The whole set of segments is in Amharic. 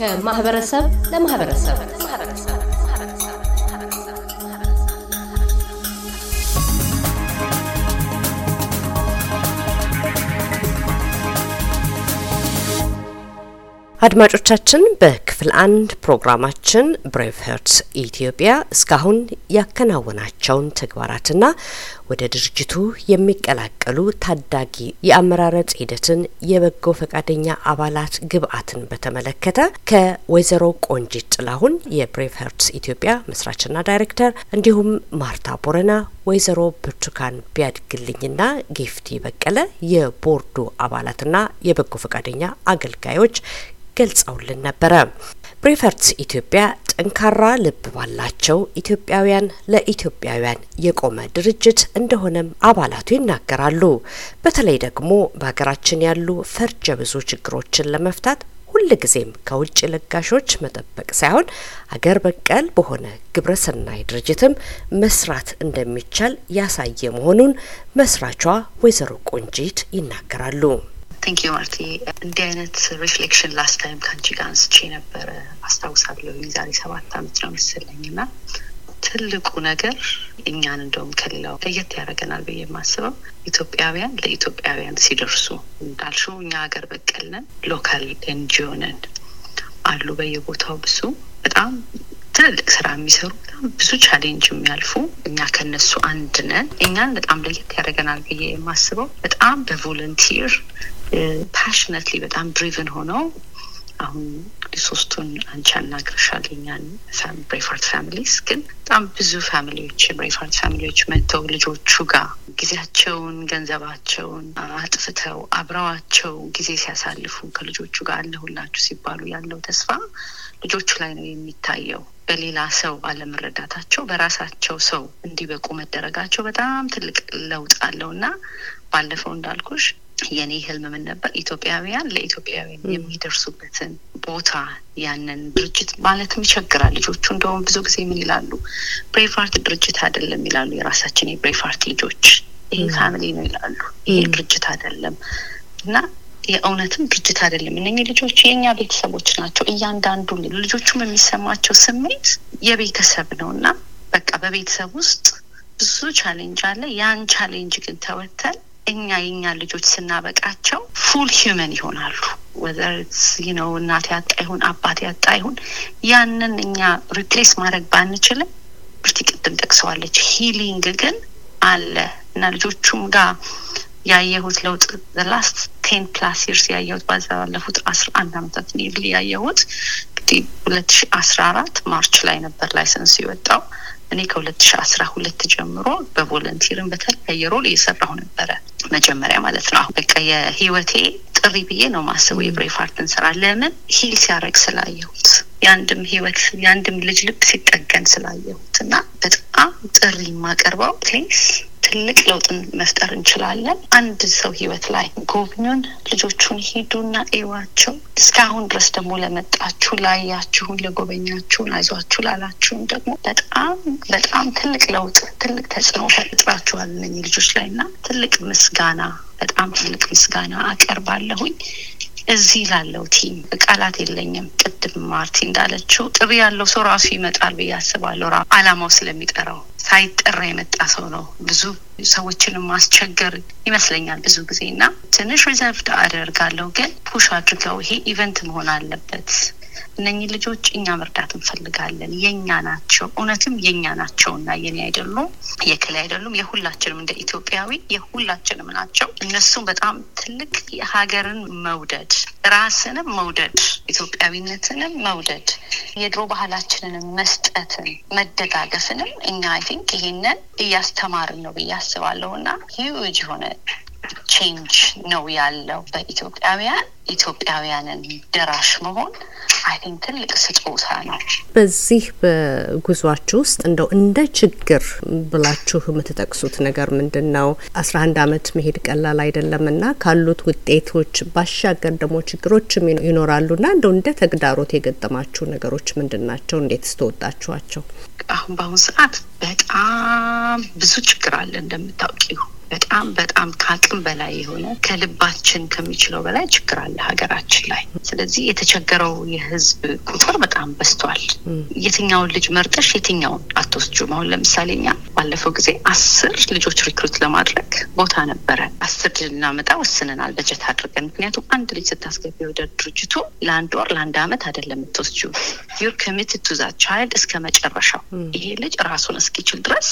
ከማህበረሰብ ለማህበረሰብ አድማጮቻችን በክፍል አንድ ፕሮግራማችን ብሬቭ ኢትዮጵያ እስካሁን ያከናወናቸውን ተግባራትና ወደ ድርጅቱ የሚቀላቀሉ ታዳጊ የአመራረጥ ሂደትን የበጎ ፈቃደኛ አባላት ግብአትን በተመለከተ ከወይዘሮ ቆንጂት ጥላሁን የብሬቭ ሄርትስ ኢትዮጵያ መስራችና ዳይሬክተር እንዲሁም ማርታ ቦረና፣ ወይዘሮ ብርቱካን ቢያድግልኝና ጊፍቲ በቀለ የቦርዱ አባላትና የበጎ ፈቃደኛ አገልጋዮች ገልጸውልን ነበረ። ፕሪፈርት ኢትዮጵያ ጠንካራ ልብ ባላቸው ኢትዮጵያውያን ለኢትዮጵያውያን የቆመ ድርጅት እንደሆነም አባላቱ ይናገራሉ። በተለይ ደግሞ በሀገራችን ያሉ ፈርጀ ብዙ ችግሮችን ለመፍታት ሁልጊዜም ከውጭ ለጋሾች መጠበቅ ሳይሆን አገር በቀል በሆነ ግብረሰናይ ድርጅትም መስራት እንደሚቻል ያሳየ መሆኑን መስራቿ ወይዘሮ ቆንጂት ይናገራሉ። ቴንክ ዩ ማርቲ። እንዲህ አይነት ሪፍሌክሽን ላስት ታይም ከንቺ ጋር አንስቼ ነበረ አስታውሳለሁ። የዛሬ ሰባት አመት ነው መስለኝ እና ትልቁ ነገር እኛን እንደውም ከሌላው ለየት ያደርገናል ብዬ የማስበው ኢትዮጵያውያን ለኢትዮጵያውያን ሲደርሱ እንዳልሽው እኛ ሀገር በቀልነን ሎካል ኤንጂኦ ነን አሉ በየቦታው ብዙ በጣም ትልልቅ ስራ የሚሰሩ በጣም ብዙ ቻሌንጅ የሚያልፉ እኛ ከነሱ አንድ ነን። እኛን በጣም ለየት ያደርገናል ብዬ የማስበው በጣም በቮለንቲር ፓሽነትሊ በጣም ድሪቨን ሆነው አሁን ሶስቱን አንቺ አናግርሻል የኛን ብሬፋርት ፋሚሊስ ግን በጣም ብዙ ፋሚሊዎች የብሬፋርት ፋሚሊዎች መጥተው ልጆቹ ጋር ጊዜያቸውን፣ ገንዘባቸውን አጥፍተው አብረዋቸው ጊዜ ሲያሳልፉ ከልጆቹ ጋር አለሁላችሁ ሲባሉ ያለው ተስፋ ልጆቹ ላይ ነው የሚታየው። በሌላ ሰው አለመረዳታቸው በራሳቸው ሰው እንዲበቁ መደረጋቸው በጣም ትልቅ ለውጥ አለው እና ባለፈው እንዳልኩሽ የኔ ህልም ምን ነበር? ኢትዮጵያውያን ለኢትዮጵያውያን የሚደርሱበትን ቦታ ያንን ድርጅት ማለትም ይቸግራል። ልጆቹ እንደውም ብዙ ጊዜ ምን ይላሉ? ብሬፋርት ድርጅት አይደለም ይላሉ። የራሳችን የብሬፋርት ልጆች ይሄ ፋሚሊ ነው ይላሉ። ይሄ ድርጅት አይደለም እና የእውነትም ድርጅት አይደለም። እነኚህ ልጆች የእኛ ቤተሰቦች ናቸው። እያንዳንዱ ልጆቹም የሚሰማቸው ስሜት የቤተሰብ ነው እና በቃ በቤተሰብ ውስጥ ብዙ ቻሌንጅ አለ። ያን ቻሌንጅ ግን ተወተን እኛ የኛ ልጆች ስናበቃቸው ፉል ሂውመን ይሆናሉ። ወዘርስ ነው እናት ያጣ ይሁን አባት ያጣ ይሁን ያንን እኛ ሪፕሌስ ማድረግ ባንችልም ብርቲ ቅድም ጠቅሰዋለች። ሂሊንግ ግን አለ እና ልጆቹም ጋር ያየሁት ለውጥ ላስት ቴን ፕላስ ይርስ ያየሁት ባለፉት አስራ አንድ አመታት ኒርሊ ያየሁት እንግዲህ ሁለት ሺ አስራ አራት ማርች ላይ ነበር ላይሰንስ የወጣው እኔ ከሁለት ሺ አስራ ሁለት ጀምሮ በቮለንቲርን በተለያየ ሮል እየሰራሁ ነበረ። መጀመሪያ ማለት ነው። አሁን በቃ የህይወቴ ጥሪ ብዬ ነው ማስበው የብሬፋርትን ስራ ለምን ሂል ሲያደርግ ስላየሁት የአንድም ህይወት የአንድም ልጅ ልብ ሲጠገን ስላየሁት እና በጣም ጥሪ የማቀርበው ፕሊስ ትልቅ ለውጥን መፍጠር እንችላለን። አንድ ሰው ህይወት ላይ ጎብኙን፣ ልጆቹን ሂዱና እዩዋቸው። እስካሁን ድረስ ደግሞ ለመጣችሁ፣ ላያችሁን፣ ለጎበኛችሁን፣ አይዟችሁ ላላችሁን ደግሞ በጣም በጣም ትልቅ ለውጥ ትልቅ ተጽዕኖ ፈጥራችኋል እነዚህ ልጆች ላይ እና ትልቅ ምስጋና በጣም ትልቅ ምስጋና አቀርባለሁኝ። እዚህ ላለው ቲም ቃላት የለኝም። ቅድም ማርቲ እንዳለችው ጥሪ ያለው ሰው ራሱ ይመጣል ብዬ አስባለሁ። አላማው ስለሚጠራው ሳይጠራ የመጣ ሰው ነው። ብዙ ሰዎችንም ማስቸገር ይመስለኛል ብዙ ጊዜ እና ትንሽ ሪዘርቭድ አደርጋለሁ፣ ግን ፑሽ አድርገው ይሄ ኢቨንት መሆን አለበት እነኚህ ልጆች እኛ መርዳት እንፈልጋለን፣ የኛ ናቸው፣ እውነትም የኛ ናቸው እና የኔ አይደሉም፣ የክል አይደሉም፣ የሁላችንም እንደ ኢትዮጵያዊ የሁላችንም ናቸው። እነሱም በጣም ትልቅ የሀገርን መውደድ፣ ራስንም መውደድ፣ ኢትዮጵያዊነትንም መውደድ፣ የድሮ ባህላችንንም መስጠትን፣ መደጋገፍንም እኛ አይ ቲንክ ይሄንን እያስተማርን ነው ብዬ አስባለሁ እና ሂውጅ የሆነ ቼንጅ ነው ያለው በኢትዮጵያውያን ኢትዮጵያውያንን ደራሽ መሆን አይ ትልቅ ስጦታ ነው። በዚህ በጉዟችሁ ውስጥ እንደው እንደ ችግር ብላችሁ የምትጠቅሱት ነገር ምንድን ነው? አስራ አንድ አመት መሄድ ቀላል አይደለም እና ካሉት ውጤቶች ባሻገር ደግሞ ችግሮችም ይኖራሉ ና እንደው እንደ ተግዳሮት የገጠማችሁ ነገሮች ምንድን ናቸው? እንዴት ስተወጣችኋቸው? አሁን በአሁኑ ሰዓት በጣም ብዙ ችግር አለ እንደምታውቂው በጣም በጣም ከአቅም በላይ የሆነ ከልባችን ከሚችለው በላይ ችግር አለ ሀገራችን ላይ። ስለዚህ የተቸገረው የህዝብ ቁጥር በጣም በዝቷል። የትኛውን ልጅ መርጠሽ የትኛውን አትወስጂም። አሁን ለምሳሌ እኛ ባለፈው ጊዜ አስር ልጆች ሪክሩት ለማድረግ ቦታ ነበረ። አስር ልጅ ልናመጣ ወስነናል በጀት አድርገን። ምክንያቱም አንድ ልጅ ስታስገቢ ወደ ድርጅቱ ለአንድ ወር ለአንድ አመት አይደለም የምትወስጂው። ዩር ኮሚትድ ቱ ዛት ቻይልድ እስከ መጨረሻው ይሄ ልጅ ራሱን እስኪችል ድረስ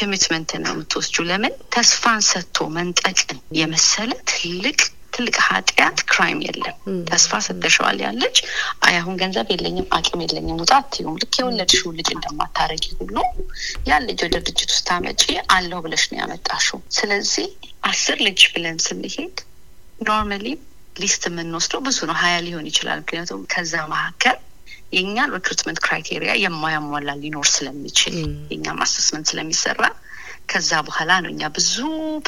ኮሚትመንት ነው የምትወስጂው። ለምን ተስፋ ተስፋን ሰጥቶ መንጠቅን የመሰለ ትልቅ ትልቅ ኃጢአት ክራይም የለም። ተስፋ ሰደሸዋል ያለች አይ አሁን ገንዘብ የለኝም አቅም የለኝም ውጣት አትይውም። ልክ የወለድሽው ልጅ እንደማታረጊ ሁሉ ያን ልጅ ወደ ድርጅት ውስጥ ታመጪ አለው ብለሽ ነው ያመጣሽው። ስለዚህ አስር ልጅ ብለን ስንሄድ ኖርማሊ ሊስት የምንወስደው ብዙ ነው፣ ሀያ ሊሆን ይችላል። ምክንያቱም ከዛ መካከል የእኛን ሪክሩትመንት ክራይቴሪያ የማያሟላ ሊኖር ስለሚችል የእኛም አሰስመንት ስለሚሰራ ከዛ በኋላ ነው እኛ ብዙ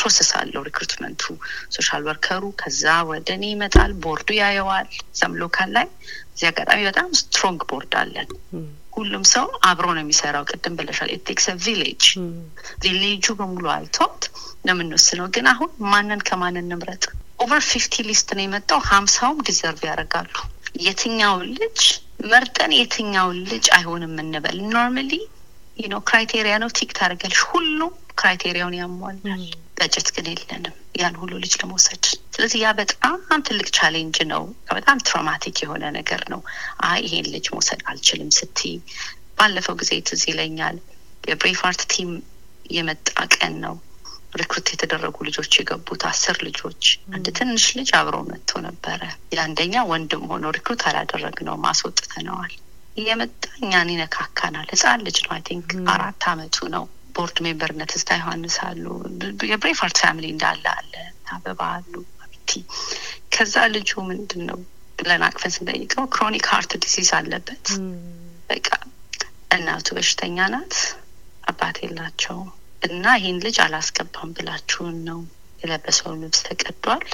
ፕሮሰስ አለው ሪክሩትመንቱ። ሶሻል ወርከሩ ከዛ ወደ እኔ ይመጣል፣ ቦርዱ ያየዋል። ዘም ሎካል ላይ እዚህ አጋጣሚ በጣም ስትሮንግ ቦርድ አለን። ሁሉም ሰው አብሮ ነው የሚሰራው። ቅድም ብለሻል፣ ኤቴክስ ቪሌጅ ቪሌጁ በሙሉ አልቶት ነው የምንወስነው። ግን አሁን ማንን ከማንን ንምረጥ? ኦቨር ፊፍቲ ሊስት ነው የመጣው። ሀምሳውም ዲዘርቭ ያደርጋሉ። የትኛውን ልጅ መርጠን የትኛውን ልጅ አይሆንም እንበል። ኖርማሊ ክራይቴሪያ ነው ቲክ ታደርገልሽ ሁሉም ክራይቴሪያውን ያሟላል። በጀት ግን የለንም ያን ሁሉ ልጅ ለመውሰድ። ስለዚህ ያ በጣም ትልቅ ቻሌንጅ ነው። በጣም ትራማቲክ የሆነ ነገር ነው። አይ ይሄን ልጅ መውሰድ አልችልም ስቲ ባለፈው ጊዜ ትዝ ይለኛል የብሬፋርት ቲም የመጣ ቀን ነው። ሪክሩት የተደረጉ ልጆች የገቡት አስር ልጆች አንድ ትንሽ ልጅ አብሮ መጥቶ ነበረ። የአንደኛ ወንድም ሆኖ ሪክሩት ነው ማስወጥተነዋል የመጣ እኛን ይነካካናል። ህፃን ልጅ ነው። አይ ቲንክ አራት አመቱ ነው። ቦርድ ሜምበርነት ስታ ዮሐንስ አሉ፣ የብሬፋርት ፋሚሊ እንዳለ አለ፣ አበባ አሉ፣ ቲ ከዛ ልጁ ምንድን ነው ብለን አቅፈን ስንጠይቀው ክሮኒክ ሀርት ዲሲዝ አለበት። በቃ እናቱ በሽተኛ ናት፣ አባት የላቸው እና ይህን ልጅ አላስገባም ብላችሁን ነው የለበሰው ልብስ ተቀዷል።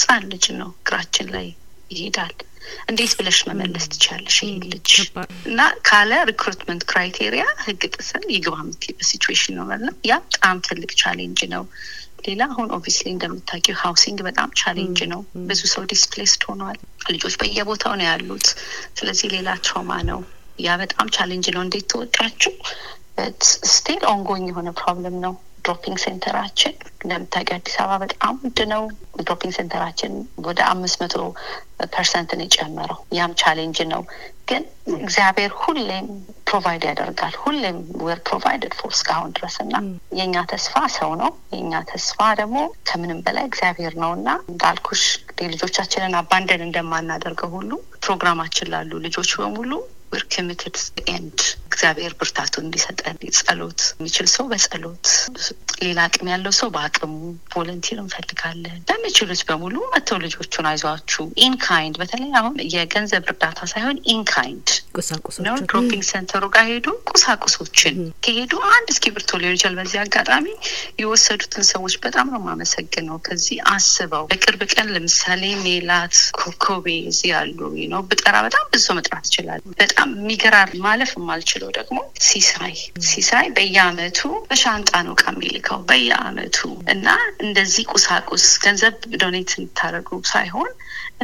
ህፃን ልጅ ነው እግራችን ላይ ይሄዳል። እንዴት ብለሽ መመለስ ትቻለሽ ይህን ልጅ እና ካለ ሪክሩትመንት ክራይቴሪያ ህግ ጥሰን ይግባ የምትይበት ሲቹዌሽን ነው ማለት ነው። ያ በጣም ትልቅ ቻሌንጅ ነው። ሌላ አሁን ኦብቪስሊ እንደምታውቂው ሀውሲንግ በጣም ቻሌንጅ ነው። ብዙ ሰው ዲስፕሌስድ ሆኗል። ልጆች በየቦታው ነው ያሉት። ስለዚህ ሌላ ትሮማ ነው። ያ በጣም ቻሌንጅ ነው። እንዴት ተወጣችሁ? ስቲል ኦንጎኝ የሆነ ፕሮብለም ነው። ድሮፒንግ ሴንተራችን እንደምታውቂው አዲስ አበባ በጣም ውድ ነው። ድሮፒንግ ሴንተራችን ወደ አምስት መቶ ፐርሰንትን የጨመረው ያም ቻሌንጅ ነው። ግን እግዚአብሔር ሁሌም ፕሮቫይድ ያደርጋል። ሁሌም ዌር ፕሮቫይደድ ፎር እስካሁን ድረስ እና የእኛ ተስፋ ሰው ነው። የእኛ ተስፋ ደግሞ ከምንም በላይ እግዚአብሔር ነው እና እንዳልኩሽ ልጆቻችንን አባንደን እንደማናደርገው ሁሉ ፕሮግራማችን ላሉ ልጆች በሙሉ we're committed ኤንድ እግዚአብሔር ብርታቱ እንዲሰጠን ጸሎት የሚችል ሰው በጸሎት ሌላ አቅም ያለው ሰው በአቅሙ ቮለንቲር እንፈልጋለን። ለሚችሉት በሙሉ መተው ልጆቹን አይዟችሁ ኢንካይንድ በተለይ አሁን የገንዘብ እርዳታ ሳይሆን ኢንካይንድ ቁሳቁሶች ነው። ድሮፒንግ ሴንተሩ ጋር ሄዱ ቁሳቁሶችን ከሄዱ አንድ እስክሪብቶ ሊሆን ይችላል። በዚህ አጋጣሚ የወሰዱትን ሰዎች በጣም ነው የማመሰግነው። ከዚህ አስበው በቅርብ ቀን ለምሳሌ ሜላት ኮኮቤ እዚህ ያሉ ነው ብጠራ በጣም ብዙ መጥራት ይችላል። በጣም የሚገራር ማለፍ የማልችለው ደግሞ ሲሳይ ሲሳይ በየአመቱ በሻንጣ ነው እቃ የሚልከው በየአመቱ እና እንደዚህ ቁሳቁስ ገንዘብ ዶኔት እንድታደርጉ ሳይሆን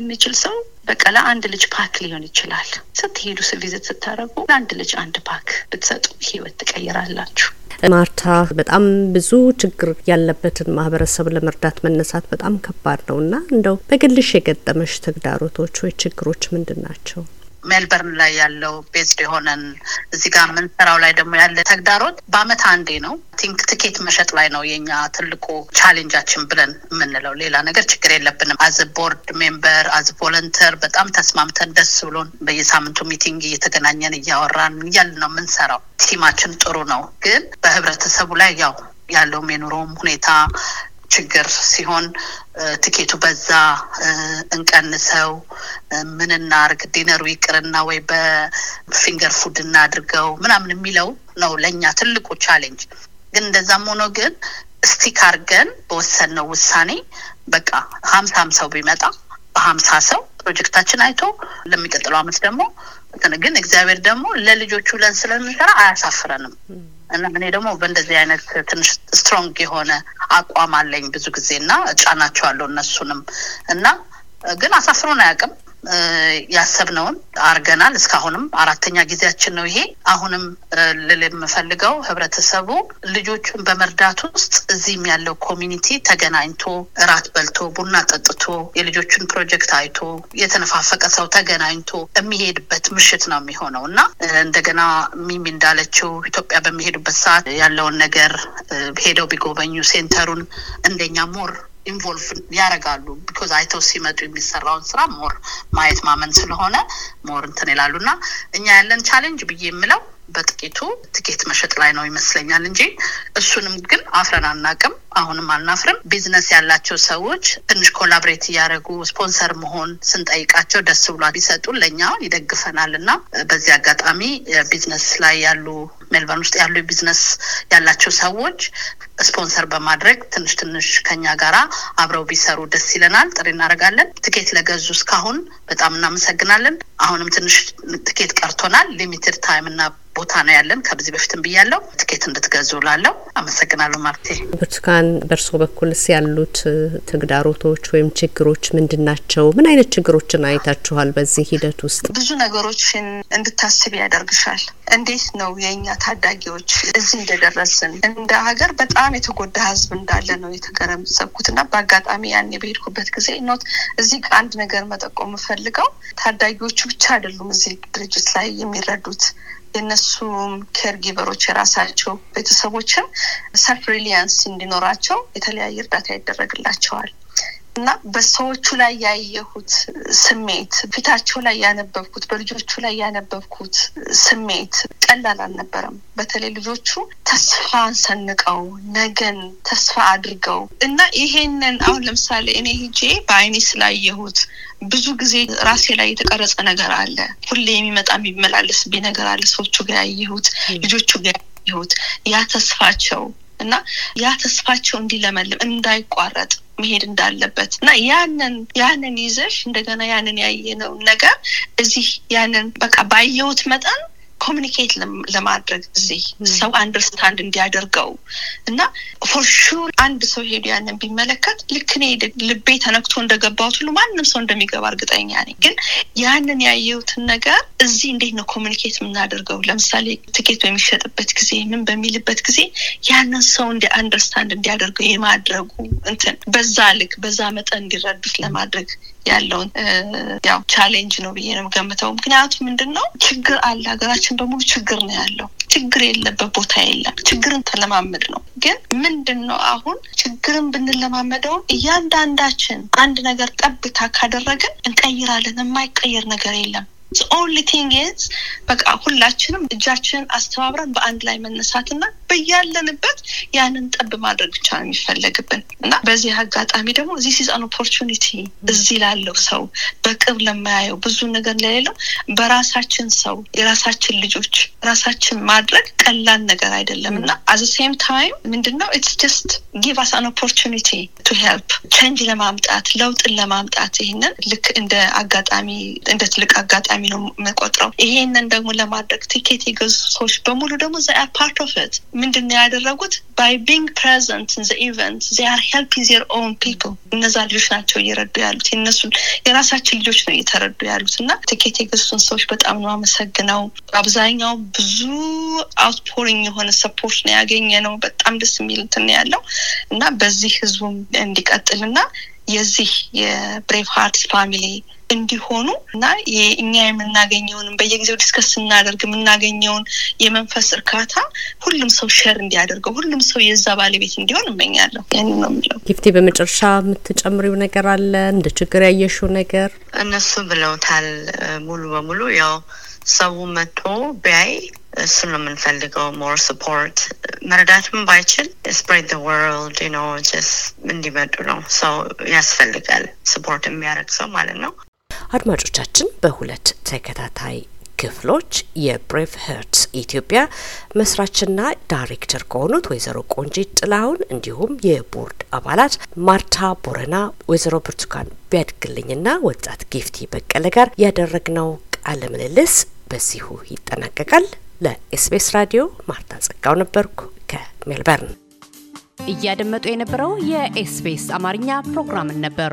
የሚችል ሰው በቃ ለአንድ ልጅ ፓክ ሊሆን ይችላል። ስትሄዱ ቪዝት ስታደረጉ ለአንድ ልጅ አንድ ፓክ ብትሰጡ ህይወት ትቀይራላችሁ። ማርታ በጣም ብዙ ችግር ያለበትን ማህበረሰብ ለመርዳት መነሳት በጣም ከባድ ነው እና እንደው በግልሽ የገጠመሽ ተግዳሮቶች ወይ ችግሮች ምንድን ናቸው? ሜልበርን ላይ ያለው ቤዝድ የሆነን እዚህ ጋር የምንሰራው ላይ ደግሞ ያለ ተግዳሮት በአመት አንዴ ነው ቲንክ ትኬት መሸጥ ላይ ነው የኛ ትልቁ ቻሌንጃችን ብለን የምንለው። ሌላ ነገር ችግር የለብንም። አዝ ቦርድ ሜምበር አዝ ቮለንተር በጣም ተስማምተን ደስ ብሎን በየሳምንቱ ሚቲንግ እየተገናኘን እያወራን እያል ነው የምንሰራው። ቲማችን ጥሩ ነው፣ ግን በህብረተሰቡ ላይ ያው ያለውም የኑሮውም ሁኔታ ችግር ሲሆን ትኬቱ በዛ እንቀንሰው፣ ምን እናርግ፣ ዲነሩ ይቅርና ወይ በፊንገር ፉድ እናድርገው ምናምን የሚለው ነው ለእኛ ትልቁ ቻሌንጅ። ግን እንደዛም ሆኖ ግን ስቲክ አርገን በወሰንነው ውሳኔ በቃ ሀምሳ ሰው ቢመጣ በሀምሳ ሰው ፕሮጀክታችን አይቶ ለሚቀጥለው አመት ደግሞ ግን እግዚአብሔር ደግሞ ለልጆቹ ብለን ስለምንሰራ አያሳፍረንም እና እኔ ደግሞ በእንደዚህ አይነት ትንሽ ስትሮንግ የሆነ አቋም አለኝ ብዙ ጊዜ እና እጫናቸዋለሁ እነሱንም እና ግን አሳስሮን አያውቅም ያሰብነውን አርገናል። እስካሁንም አራተኛ ጊዜያችን ነው ይሄ። አሁንም ልል የምፈልገው ህብረተሰቡ ልጆቹን በመርዳት ውስጥ እዚህም ያለው ኮሚኒቲ ተገናኝቶ እራት በልቶ ቡና ጠጥቶ የልጆቹን ፕሮጀክት አይቶ የተነፋፈቀ ሰው ተገናኝቶ የሚሄድበት ምሽት ነው የሚሆነው እና እንደገና ሚሚ እንዳለችው ኢትዮጵያ በሚሄዱበት ሰዓት ያለውን ነገር ሄደው ቢጎበኙ ሴንተሩን እንደኛ ሞር ኢንቮልቭ ያደረጋሉ ቢኮዝ አይተው ሲመጡ የሚሰራውን ስራ ሞር ማየት ማመን ስለሆነ ሞር እንትን ይላሉ እና እኛ ያለን ቻሌንጅ ብዬ የምለው በጥቂቱ ትኬት መሸጥ ላይ ነው ይመስለኛል እንጂ እሱንም ግን አፍረን አናቅም፣ አሁንም አናፍርም። ቢዝነስ ያላቸው ሰዎች ትንሽ ኮላብሬት እያደረጉ ስፖንሰር መሆን ስንጠይቃቸው ደስ ብሏ ቢሰጡ ለእኛ ይደግፈናል እና በዚህ አጋጣሚ ቢዝነስ ላይ ያሉ ሜልበርን ውስጥ ያሉ ቢዝነስ ያላቸው ሰዎች ስፖንሰር በማድረግ ትንሽ ትንሽ ከኛ ጋር አብረው ቢሰሩ ደስ ይለናል። ጥሪ እናደርጋለን። ትኬት ለገዙ እስካሁን በጣም እናመሰግናለን። አሁንም ትንሽ ትኬት ቀርቶናል። ሊሚትድ ታይም እና ቦታ ነው ያለን። ከዚህ በፊትም ብያለው ትኬት እንድትገዙ ላለው አመሰግናለሁ። ማርቴ ብርቱካን፣ በእርሶ በኩልስ ያሉት ተግዳሮቶች ወይም ችግሮች ምንድን ናቸው? ምን አይነት ችግሮችን አይታችኋል? በዚህ ሂደት ውስጥ ብዙ ነገሮችን እንድታስብ ያደርግሻል። እንዴት ነው የእኛ ታዳጊዎች እዚህ እንደደረስን እንደ ሀገር በጣም የተጎዳ ህዝብ እንዳለ ነው የተገረምሰብኩት እና በአጋጣሚ ያን በሄድኩበት ጊዜ ኖት እዚህ ከአንድ ነገር መጠቆም የምፈልገው ታዳጊዎቹ ብቻ አይደሉም እዚህ ድርጅት ላይ የሚረዱት የእነሱም ኬርጊቨሮች የራሳቸው ቤተሰቦችም ሰልፍ ሪሊያንስ እንዲኖራቸው የተለያየ እርዳታ ይደረግላቸዋል እና በሰዎቹ ላይ ያየሁት ስሜት፣ ፊታቸው ላይ ያነበብኩት፣ በልጆቹ ላይ ያነበብኩት ስሜት ቀላል አልነበረም። በተለይ ልጆቹ ተስፋን ሰንቀው ነገን ተስፋ አድርገው እና ይሄንን አሁን ለምሳሌ እኔ ሂጄ በአይኔ ስላየሁት ብዙ ጊዜ ራሴ ላይ የተቀረጸ ነገር አለ። ሁሌ የሚመጣ የሚመላለስብኝ ነገር አለ። ሰዎቹ ጋር ያየሁት፣ ልጆቹ ጋር ያየሁት ያ ተስፋቸው እና ያ ተስፋቸው እንዲለመልም እንዳይቋረጥ መሄድ እንዳለበት እና ያንን ያንን ይዘሽ እንደገና ያንን ያየነውን ነገር እዚህ ያንን በቃ ባየውት መጠን ኮሚኒኬት ለማድረግ እዚህ hmm. ሰው አንደርስታንድ እንዲያደርገው እና ፎርሹር አንድ ሰው ሄዱ ያንን ቢመለከት ልክ እኔ ልቤ ተነክቶ እንደገባሁት ሁሉ ማንም ሰው እንደሚገባ እርግጠኛ ነኝ። ግን ያንን ያየሁትን ነገር እዚህ እንዴት ነው ኮሚኒኬት የምናደርገው? ለምሳሌ ትኬት በሚሸጥበት ጊዜ ምን በሚልበት ጊዜ ያንን ሰው እንዲ አንደርስታንድ እንዲያደርገው የማድረጉ እንትን በዛ ልክ በዛ መጠን እንዲረዱት ለማድረግ ያለውን ያው ቻሌንጅ ነው ብዬ ነው ገምተው ምክንያቱም ምንድን ነው ችግር አለ ሀገራችን በሀገራችን በሙሉ ችግር ነው ያለው። ችግር የለበት ቦታ የለም። ችግርን ተለማመድ ነው። ግን ምንድን ነው አሁን ችግርን ብንለማመደውን እያንዳንዳችን አንድ ነገር ጠብታ ካደረግን እንቀይራለን። የማይቀየር ነገር የለም። ኦንሊ ቲንግ በቃ ሁላችንም እጃችንን አስተባብረን በአንድ ላይ መነሳትና በያለንበት ያንን ጠብ ማድረግ ብቻ ነው የሚፈለግብን እና በዚህ አጋጣሚ ደግሞ ዚስ ኢዝ አን ኦፖርቹኒቲ እዚህ ላለው ሰው በቅርብ ለማያየው ብዙ ነገር ለሌለው በራሳችን ሰው የራሳችን ልጆች ራሳችን ማድረግ ቀላል ነገር አይደለም እና አዘ ሴም ታይም ምንድነው ኢትስ ጀስት ጊቭ አስ አን ኦፖርቹኒቲ ቱ ሄልፕ ቸንጅ ለማምጣት ለውጥን ለማምጣት ይህንን ልክ እንደ አጋጣሚ እንደ ትልቅ አጋጣሚ ነው የምቆጥረው ይሄንን ደግሞ ለማድረግ ቲኬት የገዙ ሰዎች በሙሉ ደግሞ ፓርት ኦፍ ት ምንድን ነው ያደረጉት ባይ ቢንግ ፕሬዘንት ዘ ኢቨንት ዜ አር ሄልፕ ዜር ኦን ፒፕል እነዛ ልጆች ናቸው እየረዱ ያሉት የነሱ የራሳችን ልጆች ነው እየተረዱ ያሉት እና ትኬት የገዙትን ሰዎች በጣም ነው አመሰግነው አብዛኛው ብዙ አውትፖሪንግ የሆነ ሰፖርት ነው ያገኘ ነው በጣም ደስ የሚል ትን ያለው እና በዚህ ህዝቡም እንዲቀጥል እና የዚህ የብሬቭ ሃርት ፋሚሊ እንዲሆኑ እና እኛ የምናገኘውን በየጊዜው ዲስከስ ስናደርግ የምናገኘውን የመንፈስ እርካታ ሁሉም ሰው ሸር እንዲያደርገው ሁሉም ሰው የዛ ባለቤት እንዲሆን እመኛለሁ። ያን ነው የሚለው። ጊፍቲ፣ በመጨረሻ የምትጨምሪው ነገር አለ? እንደ ችግር ያየሽው ነገር? እነሱ ብለውታል ሙሉ በሙሉ ያው ሰው መጥቶ ቢያይ እሱ ነው የምንፈልገው። ሞር ስፖርት መረዳትም ባይችል ስፕሬድ ዘ ወርልድ ኖ ጀስ እንዲመጡ ነው ሰው ያስፈልጋል። ስፖርት የሚያደርግ ሰው ማለት ነው። አድማጮቻችን በሁለት ተከታታይ ክፍሎች የብሬቭ ሄርትስ ኢትዮጵያ መስራችና ዳይሬክተር ከሆኑት ወይዘሮ ቆንጂት ጥላሁን እንዲሁም የቦርድ አባላት ማርታ ቦረና፣ ወይዘሮ ብርቱካን ቢያድግልኝና ወጣት ጊፍቲ በቀለ ጋር ያደረግነው ቃለ ምልልስ በዚሁ ይጠናቀቃል። ለኤስቢኤስ ራዲዮ ማርታ ጸጋው ነበርኩ ከሜልበርን። እያደመጡ የነበረው የኤስቢኤስ አማርኛ ፕሮግራምን ነበር።